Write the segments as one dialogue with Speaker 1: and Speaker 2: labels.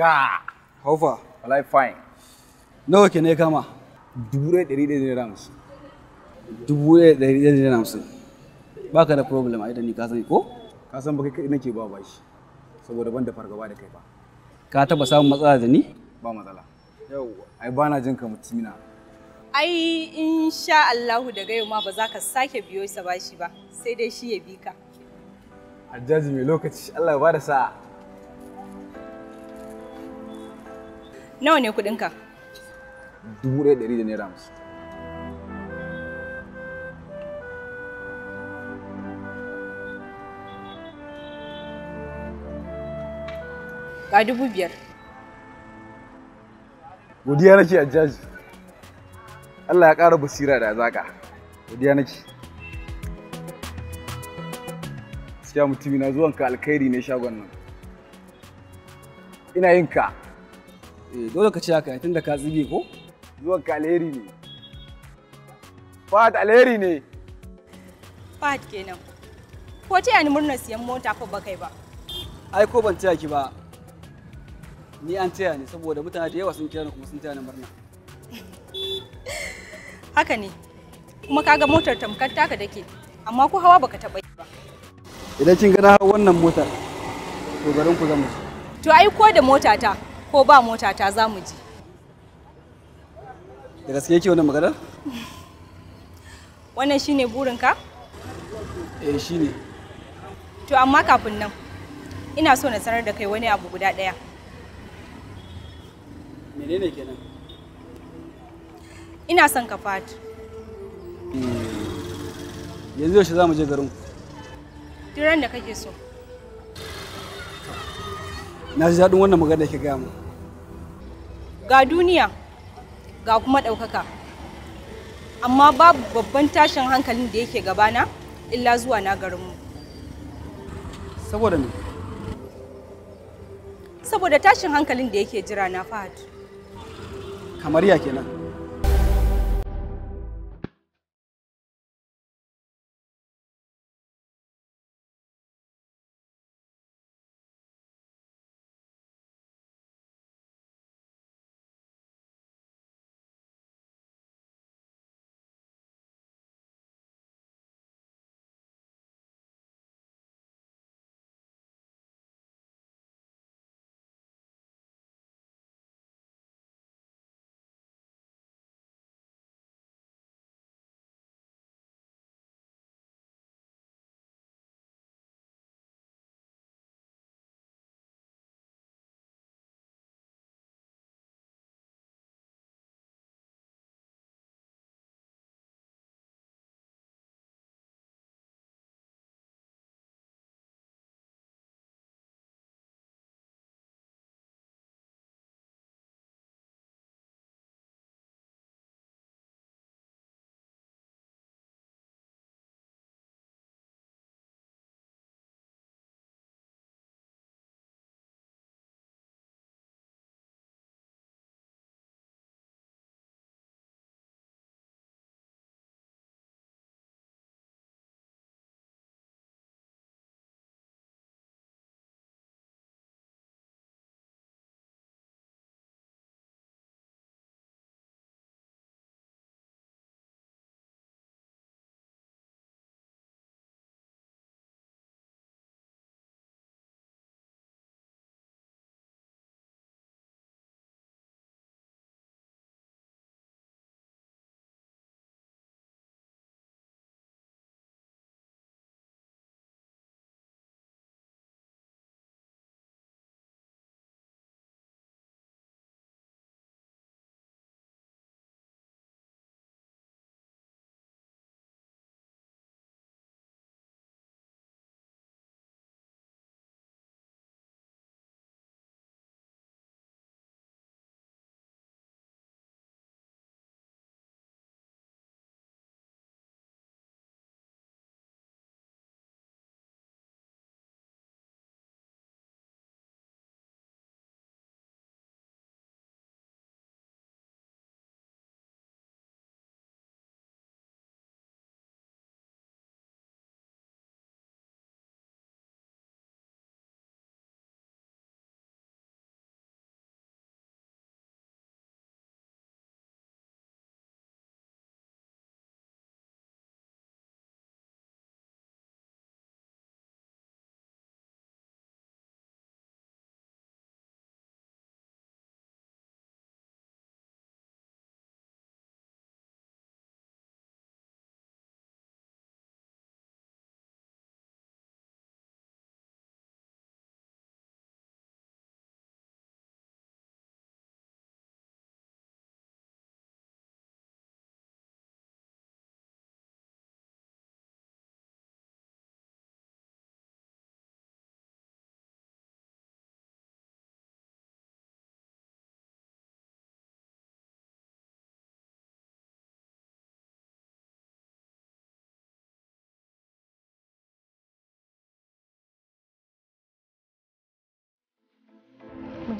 Speaker 1: Ga. How far? Wallahi fine. Nawa ke ne kama? Dubu ɗaya ɗari ɗaya naira hamsin. Dubu ɗaya ɗari ɗaya naira hamsin. Baka da problem ai da ni ka sani ko? Ka san ba kai nake ba bashi. Saboda ban da fargaba da kai ba. Ka taba samun matsala da ni? Ba matsala. Yawwa. Ai bana jin ka mutumina.
Speaker 2: Ai insha Allahu daga yau ma ba za ka sake biyo sa bashi ba. Sai dai shi ya bi ka.
Speaker 1: Hajjaji mai lokaci Allah ya ba da sa'a.
Speaker 2: Nawa ne kuɗinka?
Speaker 1: Dubu ɗaya ɗari da naira musu.
Speaker 2: Ga dubu biyar.
Speaker 1: Godiya nake Hajjaji. Allah ya ƙara basira da zaƙa. Godiya nake. gaskiya mutumi na zuwan ka alkhairi ne shagon nan ina yin ka eh dole ka ce haka tunda ka tsige ko zuwan ka alheri ne Fahad alheri ne
Speaker 2: Fahad kenan ko ce ni murnar siyan mota ko bakai ba
Speaker 1: ai ko ban taya ki ba ni an taya ne saboda mutane da yawa sun kira ni kuma sun taya ni murna
Speaker 2: haka ne kuma kaga motar tamkar taka dake amma ko hawa baka taba
Speaker 1: idan kin gana wannan motar to garin ku zamu
Speaker 2: to ai ko da motata ko ba motata za mu ji
Speaker 1: da gaske yake wannan magana
Speaker 2: wannan shine ka? eh shine to amma kafin nan ina so na sanar da kai wani abu guda ɗaya menene kenan ina son ka fat hmm.
Speaker 1: yanzu yaushe za mu je garin ku
Speaker 2: duran da kake so
Speaker 1: na ji daɗin wannan magana da ke gaya mu
Speaker 2: ga duniya ga kuma ɗaukaka amma babu babban tashin hankalin da yake gabana illa zuwa na garinmu saboda me saboda tashin hankalin da yake jira na fahad
Speaker 1: kamar ya kenan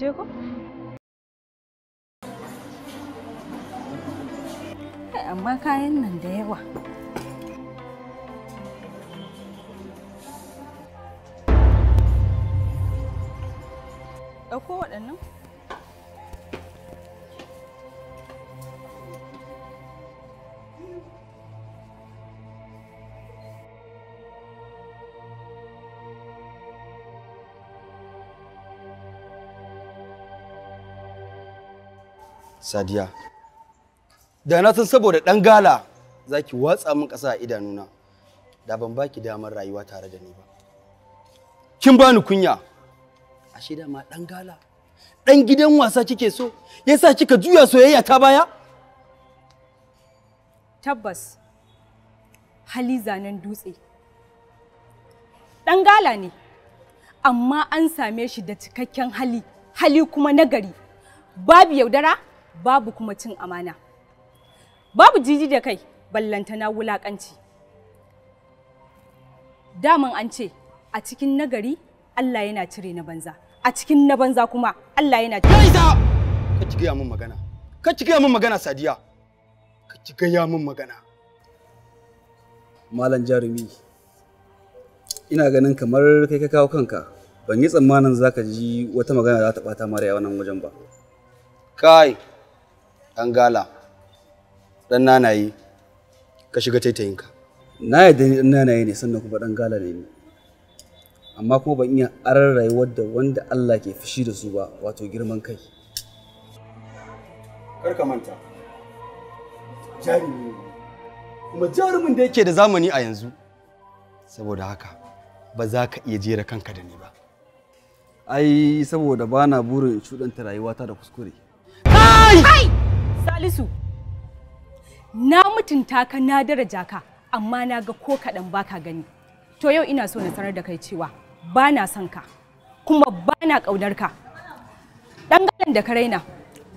Speaker 2: je amma kayan nan da yawa ɗauko waɗannan
Speaker 1: Sadiya. Da na san saboda ɗan gala za ki watsa min ƙasa a idanuna, da ban baki damar rayuwa tare da ni ba. Kin bani kunya,
Speaker 3: ashe
Speaker 2: da ma ɗan gala,
Speaker 1: ɗan
Speaker 3: gidan wasa kike so, yasa kika juya soyayya ta
Speaker 2: baya? Tabbas, hali zanen dutse. Ɗan gala ne, amma an same shi da cikakken hali, hali kuma nagari, babu yaudara? babu kuma cin amana babu jiji da kai ballantana wulakanci daman an ce a cikin nagari Allah yana cire na banza a cikin na banza kuma Allah yana cire
Speaker 1: ka ci gaya min magana ka ci gaya min magana sadiya ka ci gaya min magana malam jarumi ina ganin kamar kai ka kawo kanka ban yi tsammanin zaka ji wata magana za ta bata mara yawa nan wajen ba kai ɗan gala ɗan nanaye ka shiga taitayinka na yadda ni ɗan nanaye ne sannan kuma ɗan gala ne ni amma kuma ban iya arar rayuwar da wanda Allah ke fushi da su ba wato girman kai kar ka manta jarumi kuma jarumin da yake da zamani a yanzu saboda haka ba za ka iya jera kanka da ni ba ai saboda bana burin cudanta rayuwata da kuskure kai
Speaker 2: Salisu, na mutunta ka na daraja ka, amma na ga ko kaɗan baka gani. To yau ina so na sanar da kai cewa ba na son ka, kuma ba na ƙaunar ka. Ɗangaren da ka raina,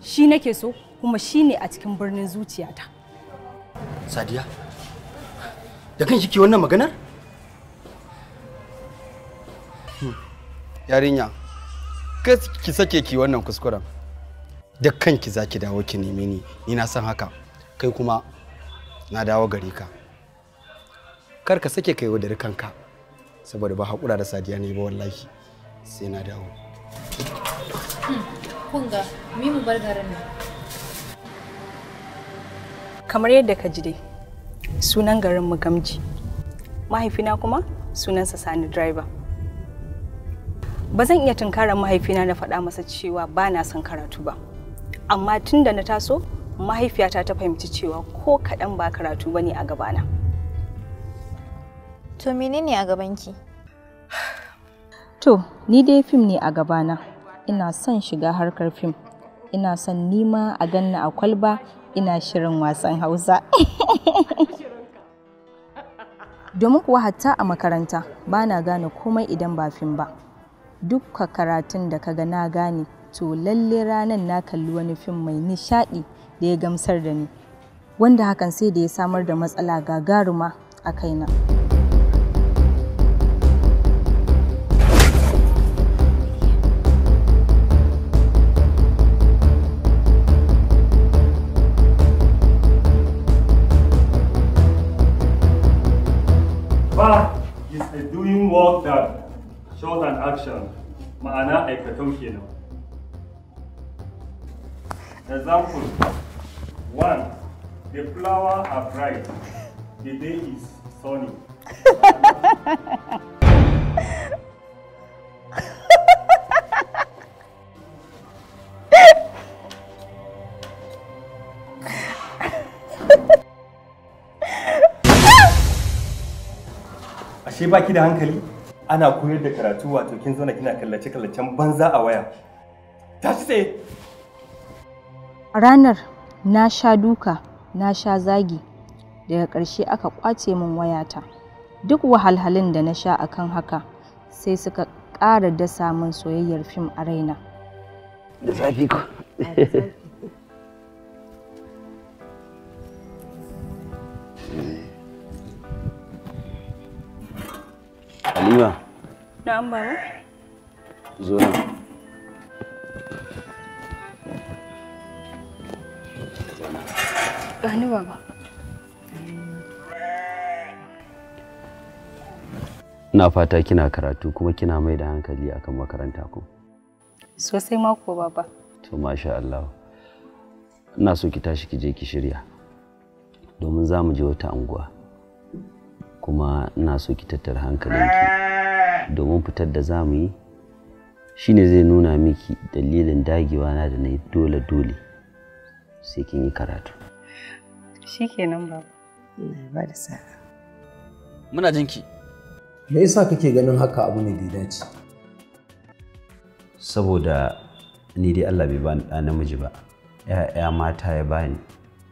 Speaker 2: shi nake so kuma shi ne a cikin birnin zuciyata.
Speaker 1: Sadiya, da kan ke wannan maganar? Hmm, yarinya, kai ki sake ki wannan kuskuren. duk kanki za ki dawo ki neme ni ni na san haka kai kuma na dawo gare ka kar ka sake kai wadar kanka saboda ba haƙura da sadiya ne ba wallahi sai na dawo
Speaker 4: hmm. kunga mi mu bar garin nan
Speaker 2: kamar yadda ka ji dai sunan garin mu gamji mahaifina kuma sunansa sani driver ba zan iya tunkarar mahaifina na faɗa masa cewa ba na son karatu ba amma tun da na taso mahaifiyata ta fahimci cewa ko kaɗan ba karatu bane a gabana to menene a gabanki to ni dai fim ne a gabana ina son shiga harkar fim ina son nima a ganna a kwalba ina shirin wasan hausa domin kuwa hatta a makaranta ba na gane komai idan ba fim ba dukka karatun da kaga na gane to lalle ranar na kalli wani fim mai nishaɗi da ya gamsar da ni wanda hakan sai da ya samar da matsala gagaruma a kaina.
Speaker 1: is doing work that shows an action ma'ana aikatau kenan. Example one, The flower are bright. The day is sunny. Ashe baki da hankali? Ana koyar da karatu wato kin zauna kina kallace-kallacen banza a waya. Tashi tsaye!
Speaker 2: A ranar, na sha duka, na sha zagi, daga ƙarshe aka ƙwace min wayata. Duk wahalhalin da na sha a kan haka sai suka ƙara dasa min soyayyar fim a raina. Halima. Na'am baba. Gani
Speaker 5: Ina fata kina karatu kuma kina mai da hankali akan makaranta ku.
Speaker 2: Sosai mako baba.
Speaker 5: To masha Allah. Ina so ki tashi ki je ki shirya. Domin za mu je wata anguwa. Kuma ina so ki tattara hankalinki. Domin fitar da za mu yi shine zai nuna miki dalilin dagewa na da na dole dole sai kin yi karatu.
Speaker 2: Shikenan baba. Ina ba da sa'a. Muna
Speaker 1: jinki. Me yasa kake ganin haka abu ne da dace?
Speaker 5: Saboda ni dai Allah bai bani ɗa namiji ba. ‘Ya'ya mata ya bani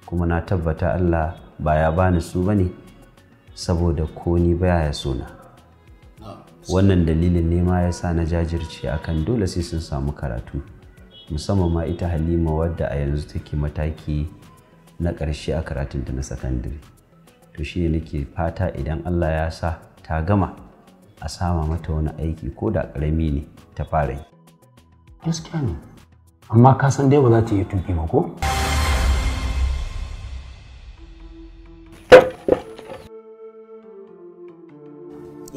Speaker 5: kuma na tabbata Allah ba ya bani su bane saboda ko ni baya ya so na wannan dalilin nema ya sa na jajirce akan dole sai sun samu karatu musamman ma ita halima wadda a yanzu take mataki na ƙarshe a karatun ta na sakandare to shine nake fata idan allah ya sa ta gama a sama mata wani aiki ko da ƙarami ne ta fara yi gaskiya ne amma ka san dai ba za ta yi tuki ba ko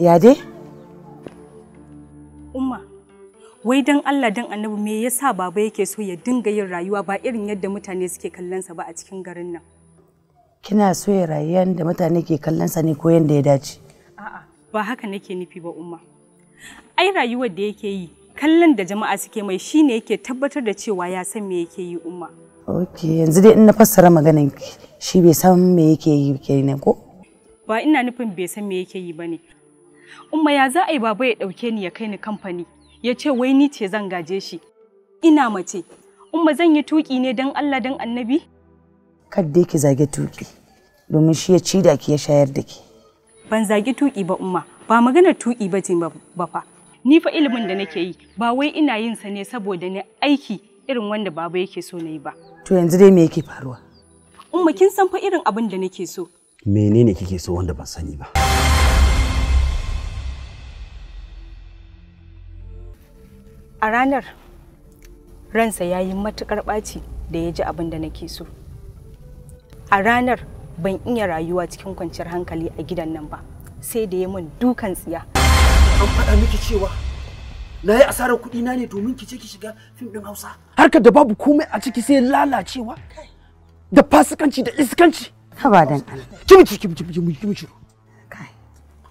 Speaker 3: ya dai
Speaker 2: wai dan Allah dan annabi me yasa baba yake so ya dinga yin rayuwa ba irin yadda mutane suke kallonsa ba a cikin garin nan
Speaker 3: kina so ya rayuwa da mutane ke kallonsa ne ko yanda ya dace
Speaker 2: a'a ba haka nake nufi ba umma ai rayuwar da yake yi kallon da jama'a suke mai shine yake tabbatar da cewa ya san me yake yi umma
Speaker 3: ok yanzu dai in na fassara maganan shi bai san me yake yi kenan ko
Speaker 2: ba ina nufin bai san me yake yi bane umma ya za a yi baba ya dauke ni ya kai ni kamfani ya ce wai ni ce zan gaje shi ina mace umma zan yi tuki ne don Allah don annabi
Speaker 3: kadda ki zage tuki domin shi ya ci da ki ya shayar da ki
Speaker 2: ban zage tuki ba umma ba magana tuki ba ce ba fa ni fa ilimin da nake yi ba wai ina yin sa ne saboda ni aiki irin wanda baba yake so na yi ba to
Speaker 3: yanzu dai me yake faruwa
Speaker 2: umma kin san fa irin abin da nake so
Speaker 5: menene kike so wanda ban sani ba
Speaker 2: a ranar ransa ya yi matuƙar ɓaci da ya ji abin da nake so a ranar ban iya rayuwa cikin kwanciyar hankali a gidan nan ba sai da ya min dukan tsiya an faɗa miki cewa na yi asarar kuɗi na ne domin ki ce ki shiga fim ɗin hausa
Speaker 3: harkar da babu komai a ciki sai lalacewa da fasikanci da iskanci ba dan Allah ki mu ci. kimci kai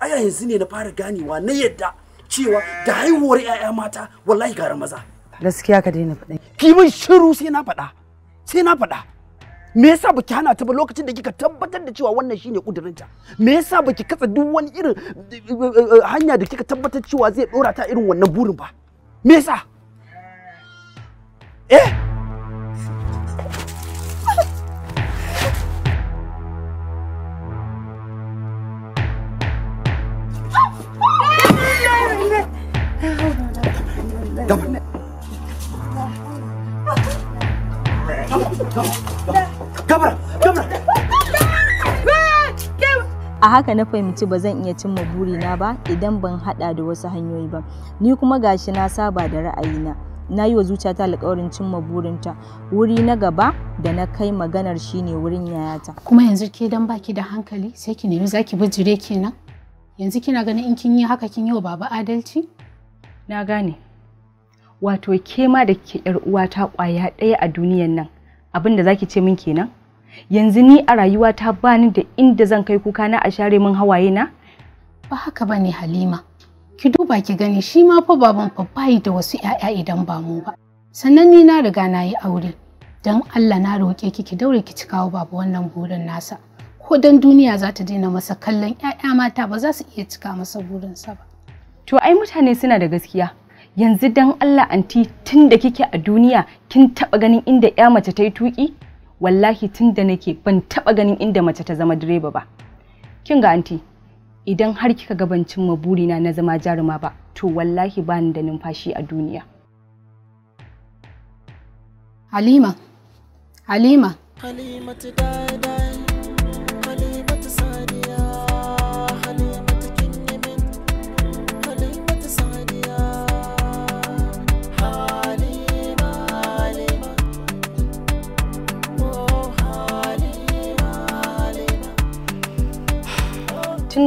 Speaker 3: aya yanzu ne na fara ganewa na yadda cewa da haihuwar 'ya'ya mata wallahi gara maza gaskiya ka daina faɗa ki min shiru sai na faɗa sai na faɗa me yasa baki hana ta ba lokacin da kika tabbatar da cewa wannan shine kudurinta me yasa baki katsa duk wani irin eh, hanya da kika tabbatar cewa zai dora ta irin wannan burin ba me yasa eh
Speaker 2: A haka na fahimci ba zan iya cimma burina ba idan ban hada da wasu hanyoyi ba. Ni kuma gashi na saba da ra'ayina. Na yi wa zuciyata alƙawarin cimma ta Wuri na gaba da na kai maganar
Speaker 4: shine wurin yayata. Kuma yanzu ke dan baki da hankali sai ki nemi zaki bijire kenan. Yanzu kina ganin in kin yi haka kin yi wa baba adalci? Na gane.
Speaker 2: Wato ke ma da ke uwata kwaya ɗaya a duniyan nan. abin da zaki ce min kenan yanzu ni a rayuwa ta bani da inda zan kai kuka na a share min hawaye na
Speaker 4: ba haka bane halima ki duba ki gani shi ma fa baban fa bai da wasu 'ya'ya idan ba mu ba sannan ni na riga na yi aure dan Allah na roƙe ki ki daure ki cikawo baba wannan burin nasa ko dan duniya za ta daina masa kallon 'ya'ya mata ba za su iya cika masa burin sa ba to ai mutane
Speaker 2: suna da gaskiya yanzu dan Allah anti tun da kike a duniya kin taba ganin inda ya mace ta yi tuki wallahi tun da nake ban taba ganin inda mace ta zama direba ba kin ga anti idan har kika ga ban cimma burina na zama jaruma ba to wallahi ba ni da numfashi a duniya
Speaker 4: Halima Halima Halima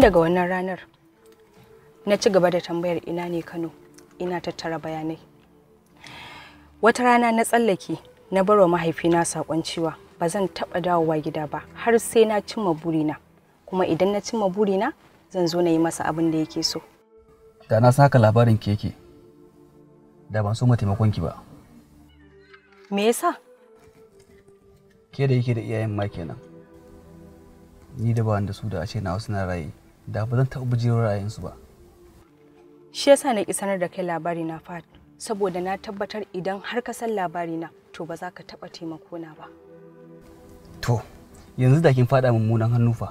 Speaker 2: daga wannan ranar na ci gaba da tambayar ina ne Kano ina tattara bayanai. Wata rana na tsallake na barwa mahaifina saƙon cewa ba zan taɓa dawowa gida ba har sai na cimma burina kuma idan na cimma burina zan zo na yi masa abin da yake so.
Speaker 1: Da na saka labarin keke da ban so ma taimakon ki ba. Me yasa? Ke da yake da iyayen ma kenan. Ni da ba da su da ashe na wasu na raye. da ba zan taɓa bujewar ra'ayinsu ba.
Speaker 2: Shi yasa na ki sanar da kai labari na fat saboda na tabbatar idan har ka san labari na to ba za ka taɓa taimako na ba.
Speaker 1: To, yanzu da kin faɗa mummunan hannu fa.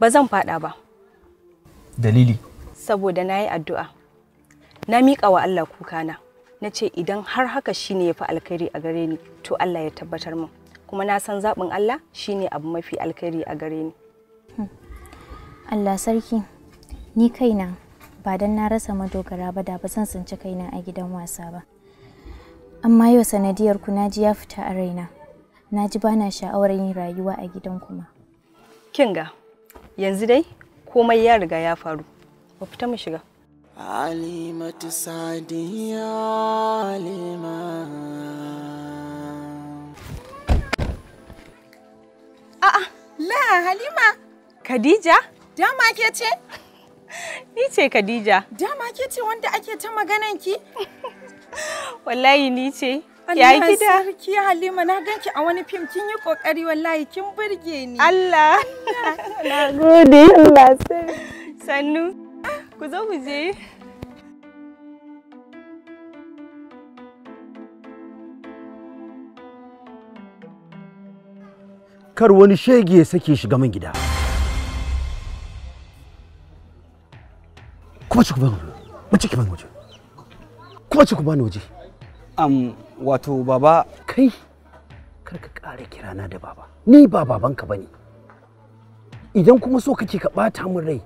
Speaker 2: Ba zan faɗa ba. Dalili? Saboda na yi addu'a. Na miƙa wa Allah kuka na ce idan har haka shine ya fi alkhairi a gare ni to Allah ya tabbatar min kuma na san zaɓin Allah shine abu mafi alkhairi a gare ni.
Speaker 6: Hmm. Allah sarki ni kaina ba don na rasa madogara ba da ba san tsinci kaina a gidan wasa ba. Amma yau sanadiyar ku naji ya fita a raina. Na ji bana sha'awar yin rayuwa a gidan kuma.
Speaker 2: Kinga yanzu dai komai ya riga ya faru. Ba fita mu shiga. Alimatu
Speaker 6: Sadiya Alima
Speaker 2: A'a, la Halima. Khadija? Dama ke ce? Ni ce Khadija. Dama ke ce wanda ake ta maganan ki? Wallahi ni ce. Ya gida. ki Halima na ganki a wani fim kin yi kokari wallahi kin burge ni. Allah. Na gode Allah sai Sannu. Ku zo ku je.
Speaker 3: kar wani shege ya sake shiga min gida kuma ci ku bani waje ku bani waje kuma ci ku bani waje
Speaker 1: am wato baba kai
Speaker 3: kar ka ƙara kirana da baba ni ba babanka bane idan kuma so kake ka bata min rai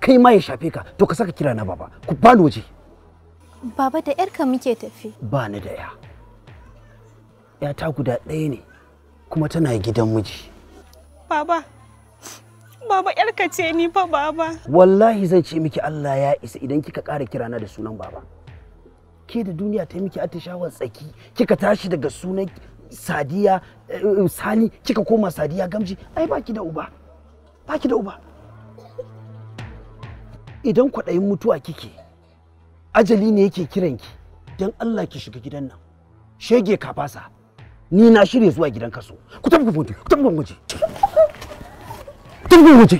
Speaker 3: kai ma ya shafe ka to ka saka kirana na baba ku bani waje
Speaker 4: baba da yarka muke tafi
Speaker 3: ba ni da ya ya ta guda ɗaya ne kuma tana gidan miji
Speaker 4: Baba, baba
Speaker 2: yarka ce ni fa baba.
Speaker 3: Wallahi zan ce miki Allah ya isa idan kika ƙara kirana da sunan baba. Ke da duniya ta miki attishawar tsaki, kika tashi daga sunan Sadiya eh, eh, Sani kika koma Sadiya Gamji, ai baki da uba. Baki da uba. Idan kwaɗayin mutuwa kike, ajali ne yake kiran ki, don Allah ki shiga gidan nan. Shege ka fasa. Ni na shirya zuwa gidan kaso. Ku tafi ku ku tafi ku kin waje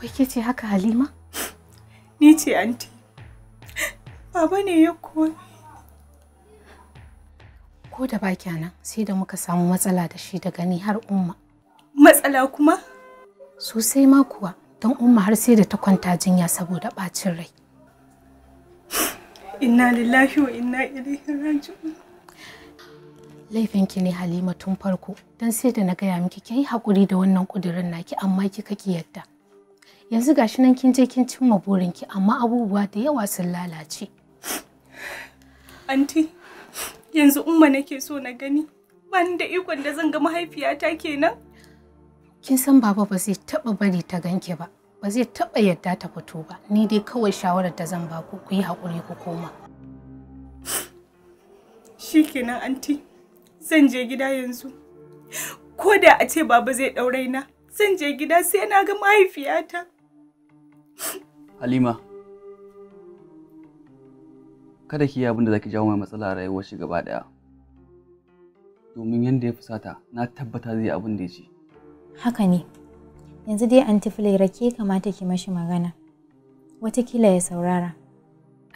Speaker 4: wai ke ce haka halima
Speaker 2: ni ce anti baba ne ya koyi
Speaker 4: ko da ba ana sai da muka samu matsala da shi daga ni har umma matsala kuma sosai ma kuwa don umma har sai da ta kwanta jinya saboda bacin rai inna lillahi wa inna ilaihi raji'un Laifin ki ne halima tun farko don sai da na gaya miki ki yi haƙuri da wannan ƙudurin naki amma ki kake yadda yanzu gashi nan kin je kin cimma burinki amma abubuwa da yawa sun lalace anti
Speaker 2: yanzu umma nake so na gani ban da ikon da zan ga mahaifiyata kenan
Speaker 4: kin san baba ba zai taba bari ta ganke ba ba zai taba yadda ta fito ba ni dai kawai shawarar da zan ba ku ku yi haƙuri ku koma
Speaker 2: shikenan anti zan je gida yanzu ko da a ce baba zai ɗaurai na zan je gida sai na ga mahaifiyata
Speaker 1: halima kada ki yi abin da zaki jawo mai matsala a rayuwar shi gaba daya domin yadda ya fusata na tabbata zai abin da ya
Speaker 4: ce haka ne yanzu dai anti fulera ke kamata ki mashi magana watakila ya saurara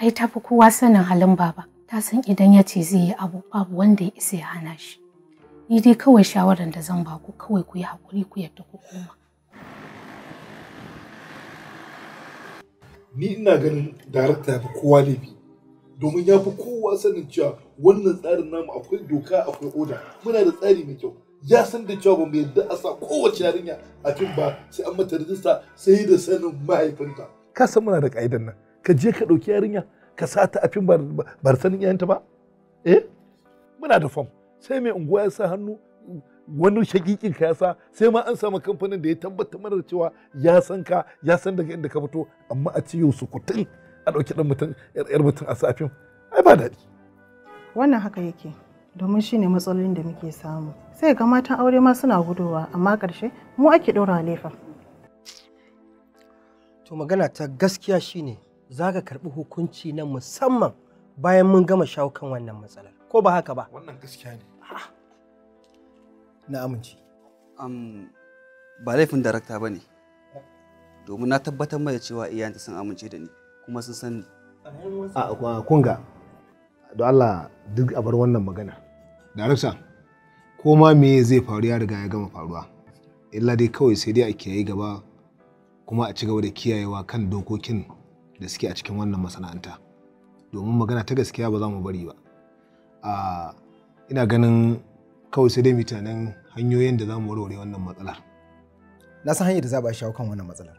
Speaker 4: ai tafi kowa sanin halin baba ta san idan ya ce zai yi abu babu wanda ya isa ya hana shi ni dai kawai shawaran da zan baku kawai ku yi hakuri ku yadda ku koma
Speaker 7: ni ina ganin darakta ya fi kowa laifi domin ya fi kowa sanin cewa wannan tsarin namu akwai doka akwai oda muna da tsari mai kyau ya san da cewa bamu yadda a sa kowace yarinya a fim ba sai an mata rijista sai da sanin mahaifinta ka san muna da ka'idan nan ka je ka ɗauki yarinya ka sata afin bar sanin yayanta ba eh muna da fam sai mai unguwa ya sa hannu wani shakikin ka ya sa sai ma an samu kamfanin da ya tabbata mara cewa ya san ka ya san daga inda ka fito amma a ciyo yau kutun a ɗauki ɗan mutum yar mutum a safin ai ba daɗi
Speaker 2: wannan haka yake domin shi ne matsalolin da muke samu sai ga matan aure ma suna gudowa amma karshe mu ake ɗora lefa
Speaker 1: to magana ta
Speaker 3: gaskiya shine za ka karɓi hukunci na musamman bayan mun gama shawo kan wannan
Speaker 7: matsalar ko ba haka ba wannan gaskiya ne
Speaker 1: na amince ba laifin darakta ba ne domin na tabbatar mai cewa iyayenta sun amince da ni kuma sun san a kunga don Allah duk a bar wannan magana darakta ko ma me zai faru ya riga ya gama faruwa illa dai kawai sai dai a kiyaye gaba kuma a ci gaba da kiyayewa kan dokokin da suke a cikin wannan masana'anta domin magana ta gaskiya ba za mu bari ba a ina ganin kawai sai dai mutanen hanyoyin da za mu warware wannan matsalar na san hanyar da za a shawo kan wannan matsalar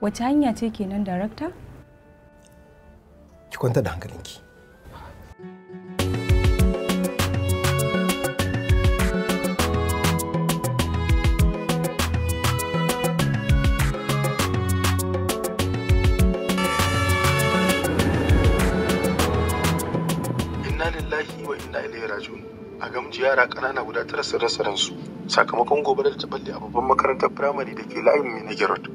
Speaker 2: wace hanya ce kenan darakta
Speaker 1: ki kwanta da hankalinki
Speaker 7: inna yi raji'un a gamji yara ƙanana guda tara sun rasa ransu sakamakon gobarar ta balle a babban makarantar firamare da ke layin Minigi Road.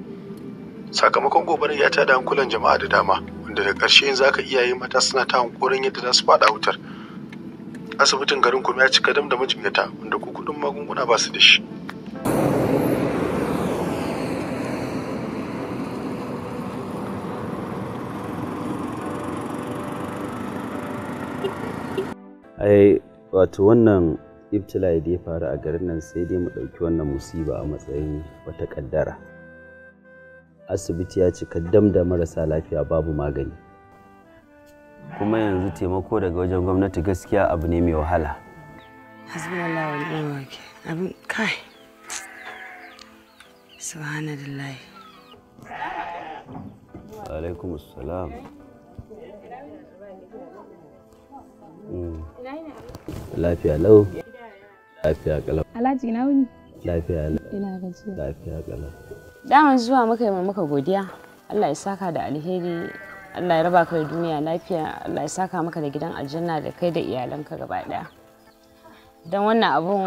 Speaker 7: Sakamakon gobarar ya tada hankulan jama'a da dama wanda da ƙarshe yanzu aka iyaye mata suna ta hankorin yadda za su faɗa wutar. Asibitin garin kuma ya cika dam da majinyata wanda kuɗin magunguna ba su da shi.
Speaker 5: ai wato wannan ibtila'i da ya faru a garin nan sai dai mu ɗauki wannan musiba a matsayin wata ƙaddara asibiti ya cika dam da marasa lafiya babu magani kuma yanzu taimako daga wajen gwamnati gaskiya abu ne mai wahala abin
Speaker 3: kai subhanallah
Speaker 5: alaikum assalam Lafiya lau. Lafiya kalau. Alhaji na wuni. Lafiya lau. Ina
Speaker 4: gajiya. Lafiya kalau. Dama zuwa muka yi muka godiya. Allah ya saka da alheri. Allah ya raba ka da duniya lafiya. Allah ya saka maka da gidan aljanna da kai da iyalanka gaba daya. don wannan abun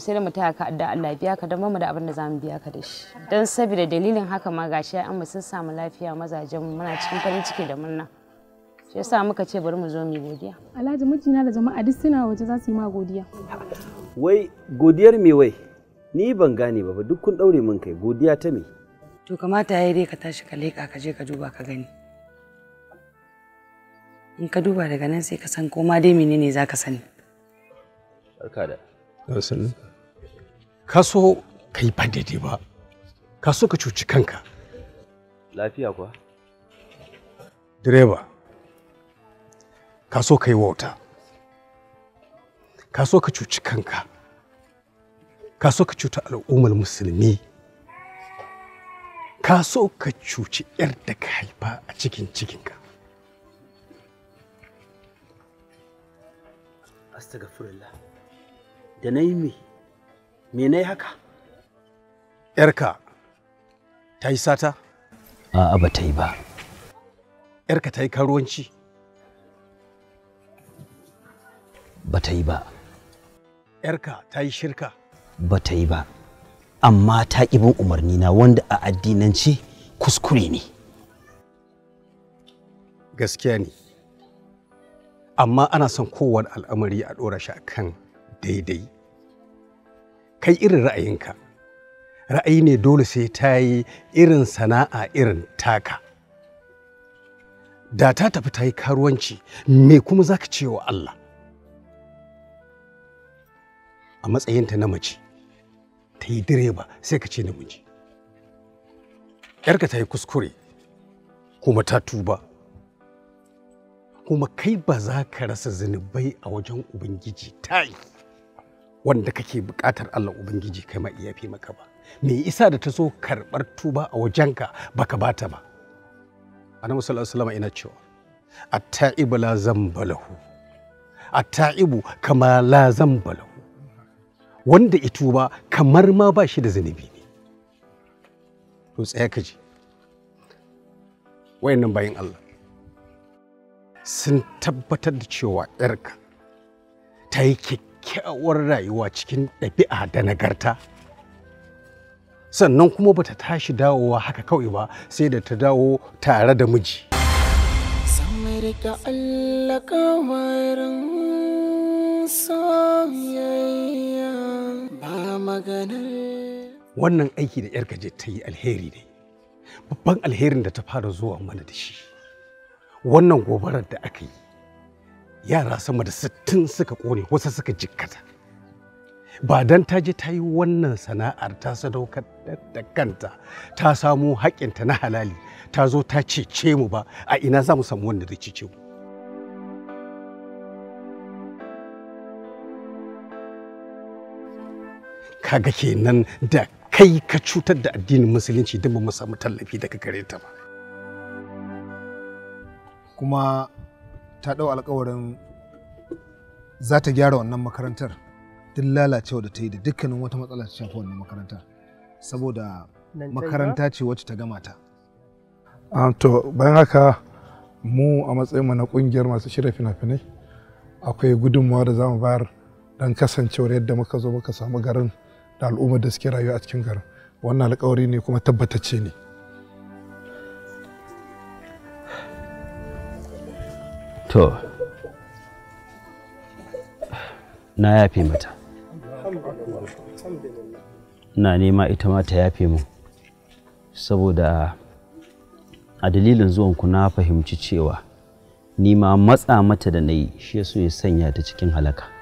Speaker 4: sai da mu taya ka da Allah biya ka dan bamu da abin da za mu biya ka da shi dan saboda dalilin haka ma gashi an mu sun samu lafiya mazajen muna cikin farin ciki da murna shi yasa muka ce bari mu zo mu godiya alhaji mijina da jama'a duk suna waje za su yi ma godiya
Speaker 5: wai godiyar me wai ni ban gane ba duk kun daure mun kai godiya ta me
Speaker 3: to kamata yayi dai ka tashi ka leka ka je ka duba ka gani in ka duba daga nan sai ka san ko ma dai menene za ka sani
Speaker 5: barka da
Speaker 7: ka so ka yi ba daidai ba ka so ka cuci kanka lafiya kuwa direba ka so ka yi wauta ka so ka cuci kanka ka so ka cuta al'ummar musulmi ka so ka cuci 'yar da ka haifa a cikin cikinka
Speaker 5: astagfirullah
Speaker 7: da na yi me me na yi haka yarka ta yi sata
Speaker 5: a'a ba ta yi ba
Speaker 7: yarka ta yi karuwanci ba yi ba yarka ta yi shirka
Speaker 3: ba yi ba amma ta ƙibin umarni na wanda a addinance kuskure
Speaker 7: ne gaskiya ne amma ana son kowane al'amari a ɗora shi kan daidai kai irin ra'ayinka ra'ayi ne dole sai ta yi irin sana'a irin taka da ta tafi ta yi karuwanci me kuma za ka ce wa Allah a matsayinta na mace ta yi direba sai ka ce namiji yarka ta yi kuskure kuma ta tuba kuma kai ba za ka rasa zunubai a wajen ubangiji ta yi wanda kake buƙatar allah ubangiji kai ma iya fi maka ba me isa da ta so karɓar tuba a wajenka ka bata ba a na alaihi wasallam ina cewa a taibu la zambalahu a taibu kama la zambalahu wanda ito ba kamar ma ba shi da zunubi ne to tsaya ka ji wayannan bayan Allah sun tabbatar da cewa yarka ta yi kyakkyawar rayuwa cikin ɗabi'a da nagarta sannan kuma ba ta tashi dawowa haka kawai ba sai da ta dawo tare da miji
Speaker 6: maganar
Speaker 7: wannan aiki da yar gaje ta yi alheri ne babban alherin da ta fara zuwa mana da shi wannan gobarar da aka yi yara sama da sittin suka ƙone wasu suka jikkata ba don ta je ta yi wannan sana'ar ta sadaukar da kanta ta samu haƙƙinta na halali ta zo ta cece mu ba a ina za mu samu wanda zai cece mu kaga kenan da kai ka cutar da addinin musulunci don ba mu samu tallafi daga gare ta
Speaker 1: ba kuma ta ɗau alkawarin za ta gyara wannan makarantar duk lalacewa da ta yi da dukkanin wata matsala ta shafi wannan makarantar saboda makaranta ce wacce ta gama ta
Speaker 7: to bayan haka mu a matsayin mu na kungiyar masu shirya fina-finai akwai gudunmawa da za mu bayar don kasancewar yadda muka zo muka samu garin da al'ummar da suke rayuwa a cikin garin wannan alkawari ne kuma tabbatacce ne
Speaker 5: to na yafe mata na nema ita ma ta yafe mu saboda a dalilin zuwanku na fahimci cewa ni ma matsa mata da na yi shi ya ya sanya ta cikin halaka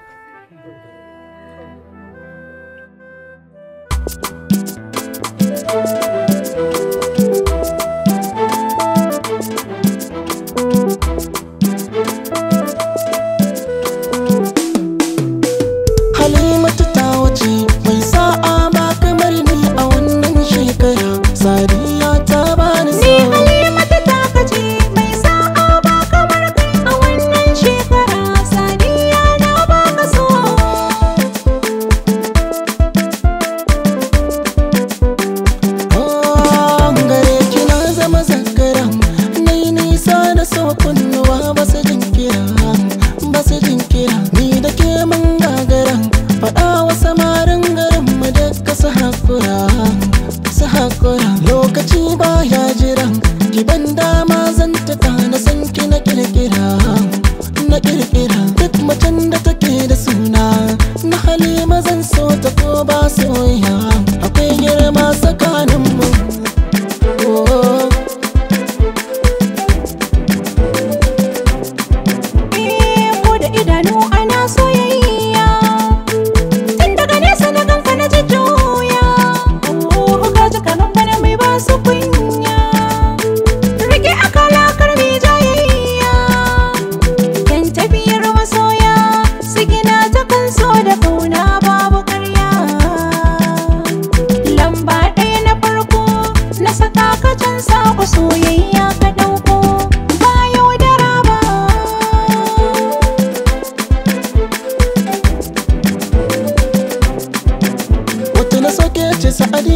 Speaker 6: su haƙura lokaci baya jiran ki ban dama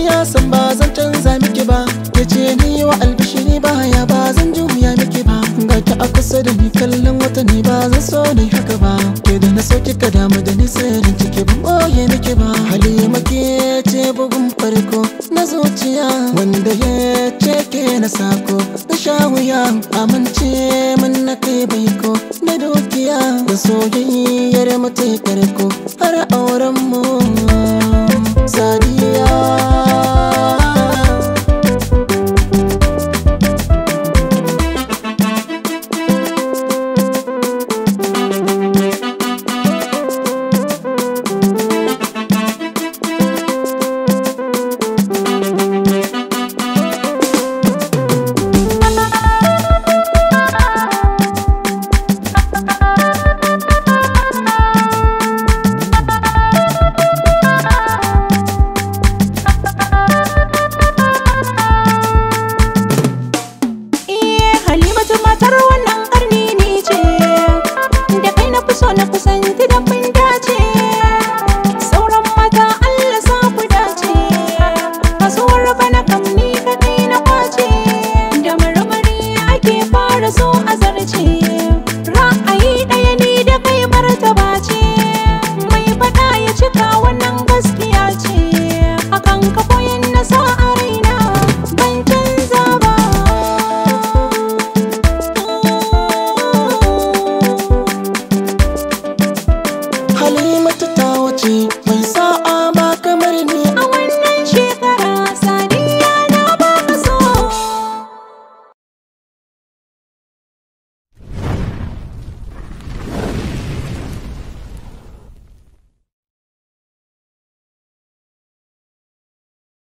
Speaker 6: ya san ba zan canza miki ba ya ce ni wa albishiri ba ya ba zan juya miki ba ga ta a kusa da ni kallon wata ne ba zan so ni haka ba ke da na sauki ka damu